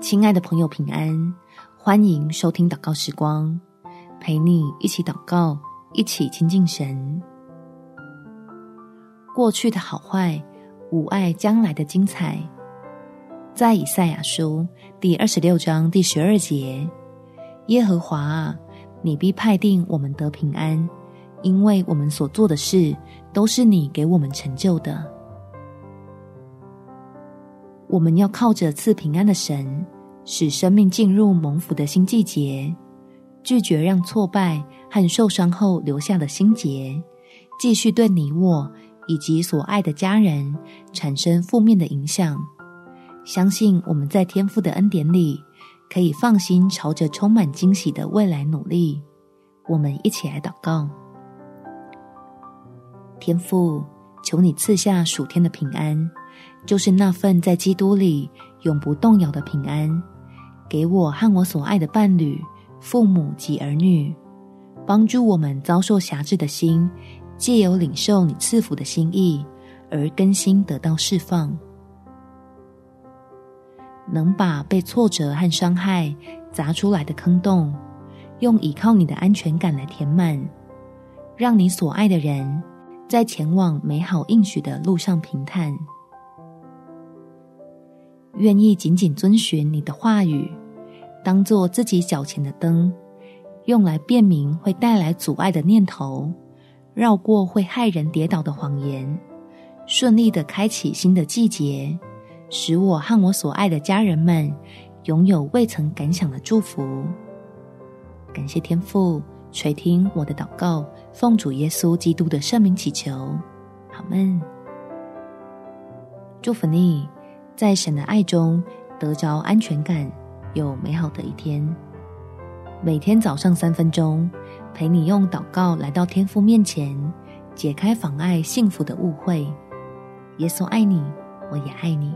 親愛的朋友，平安！歡迎收聽禱告時光，陪你一起禱告，一起親近神。過去的好壞，無礙將來的精彩。在以賽亞書第二十六章第十二節，耶和華啊，你必派定我們得平安，因為我們所做的事，都是你給我們成就的。我們要靠着賜平安的神，使生命進入蒙福的新季節。拒絕讓挫敗和受傷後留下的心結，繼續對你我以及所愛的家人，產生負面的影響。相信我們在天父的恩典裡，可以放心朝着充滿驚喜的未來努力。我們一起來禱告：天父，求你賜下屬天的平安。就是那份在基督裡永不動搖的平安，給我和我所愛的伴侶、父母及兒女，幫助我們遭受轄制的心，藉由領受你賜福的心意而更新得到釋放，能把被挫折和傷害砸出來的坑洞，用倚靠你的安全感來填滿，讓你所愛的人在前往美好應許的路上平坦。願意緊緊遵循你的話語，當做自己腳前的燈，用來辨明會帶來阻礙的念頭，繞過會害人跌倒的謊言，順利地開啟新的季節，使我和我所愛的家人們擁有未曾敢想的祝福。感謝天父垂聽我的禱告，奉主耶穌基督的聖名祈求，阿們，們祝福你。在神的愛中得着安全感，有美好的一天。每天早上三分鐘，陪你用禱告來到天父面前，解開妨礙幸福的誤會。耶穌愛你，我也愛你。